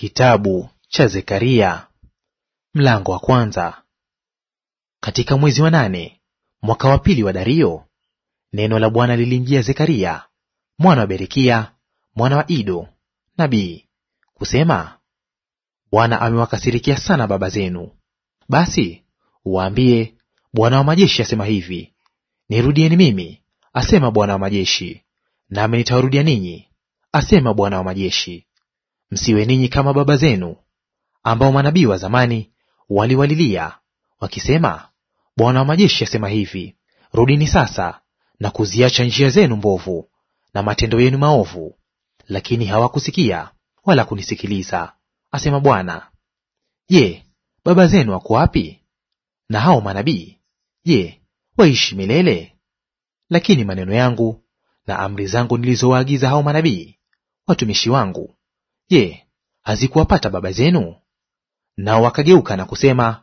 Kitabu cha Zekaria mlango wa kwanza. Katika mwezi wa nane mwaka wa pili wa Dario, neno la Bwana lilimjia Zekaria mwana wa Berekia mwana wa Ido nabii kusema, Bwana amewakasirikia sana baba zenu. Basi waambie Bwana wa majeshi asema hivi, nirudieni mimi, asema Bwana wa majeshi, nami nitawarudia ninyi, asema Bwana wa majeshi. Msiwe ninyi kama baba zenu, ambao manabii wa zamani waliwalilia wakisema, Bwana wa majeshi asema hivi, rudini sasa na kuziacha njia zenu mbovu na matendo yenu maovu. Lakini hawakusikia wala kunisikiliza, asema Bwana. Je, baba zenu wako wapi? Na hao manabii, je, waishi milele? Lakini maneno yangu na amri zangu nilizowaagiza hao manabii watumishi wangu Je, hazikuwapata baba zenu? Nao wakageuka na kusema,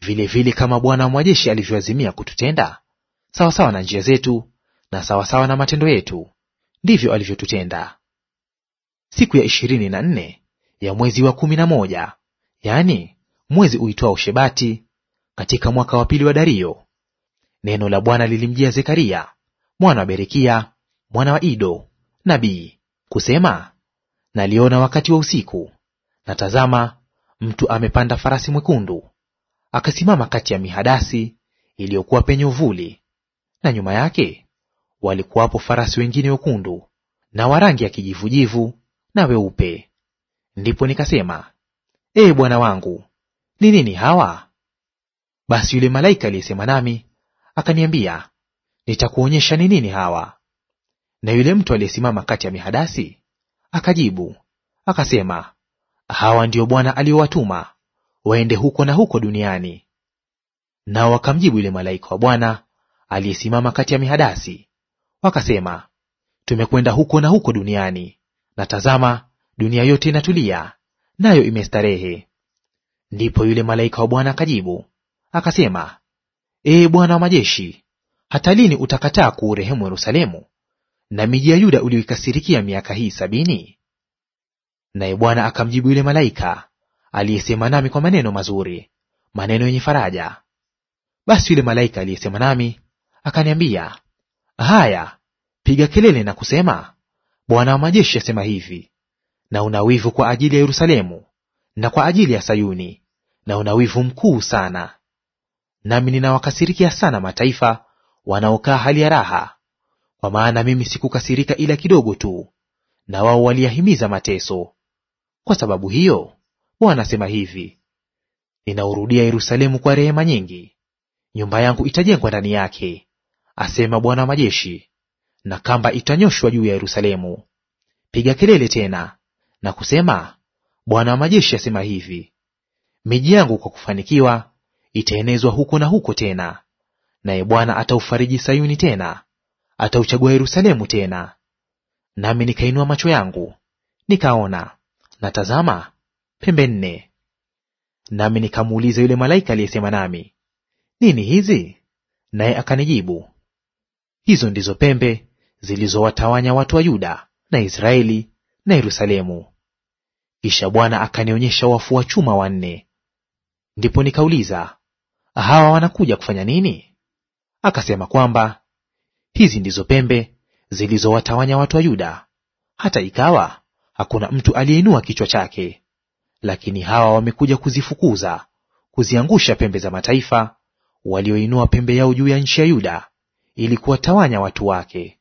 vilevile vile kama Bwana wa majeshi alivyoazimia kututenda, sawasawa na njia zetu na sawasawa na matendo yetu, ndivyo alivyotutenda. Siku ya ishirini na nne ya mwezi wa kumi na moja, yani mwezi uitwao Shebati, katika mwaka wa pili wa Dario, neno la Bwana lilimjia Zekaria mwana wa Berekia mwana wa Ido nabii kusema, Naliona wakati wa usiku, na tazama, mtu amepanda farasi mwekundu, akasimama kati ya mihadasi iliyokuwa penye uvuli, na nyuma yake walikuwapo farasi wengine wekundu na wa rangi ya kijivujivu na weupe. Ndipo nikasema, Ee Bwana wangu, ni nini hawa? Basi yule malaika aliyesema nami akaniambia, nitakuonyesha ni nini hawa. Na yule mtu aliyesimama kati ya mihadasi Akajibu akasema, hawa ndio Bwana aliowatuma waende huko na huko duniani. Nao wakamjibu yule malaika wa Bwana aliyesimama kati ya mihadasi wakasema, tumekwenda huko na huko duniani, na tazama, dunia yote inatulia, nayo imestarehe. Ndipo yule malaika wa Bwana akajibu akasema, Ee Bwana wa majeshi, hata lini utakataa kuurehemu Yerusalemu na miji ya Yuda uliyoikasirikia miaka hii sabini? Naye Bwana akamjibu yule malaika aliyesema nami kwa maneno mazuri, maneno yenye faraja. Basi yule malaika aliyesema nami akaniambia, haya, piga kelele na kusema, Bwana wa majeshi asema hivi, na una wivu kwa ajili ya Yerusalemu na kwa ajili ya Sayuni, na una wivu mkuu sana. Nami ninawakasirikia sana mataifa wanaokaa hali ya raha kwa maana mimi sikukasirika ila kidogo tu, na wao waliyahimiza mateso. Kwa sababu hiyo Bwana asema hivi, ninaurudia Yerusalemu kwa rehema nyingi, nyumba yangu itajengwa ndani yake, asema Bwana wa majeshi, na kamba itanyoshwa juu ya Yerusalemu. Piga kelele tena na kusema, Bwana wa majeshi asema hivi, miji yangu kwa kufanikiwa itaenezwa huko na huko tena, naye Bwana ataufariji Sayuni tena atauchagua Yerusalemu tena. Nami nikainua macho yangu nikaona, na tazama, pembe nne. Nami nikamuuliza yule malaika aliyesema nami, nini hizi? Naye akanijibu, hizo ndizo pembe zilizowatawanya watu wa Yuda na Israeli na Yerusalemu. Kisha Bwana akanionyesha wafu wa chuma wanne. Ndipo nikauliza, hawa wanakuja kufanya nini? Akasema kwamba Hizi ndizo pembe zilizowatawanya watu wa Yuda, hata ikawa hakuna mtu aliyeinua kichwa chake. Lakini hawa wamekuja kuzifukuza, kuziangusha pembe za mataifa, walioinua pembe yao juu ya nchi ya Yuda ili kuwatawanya watu wake.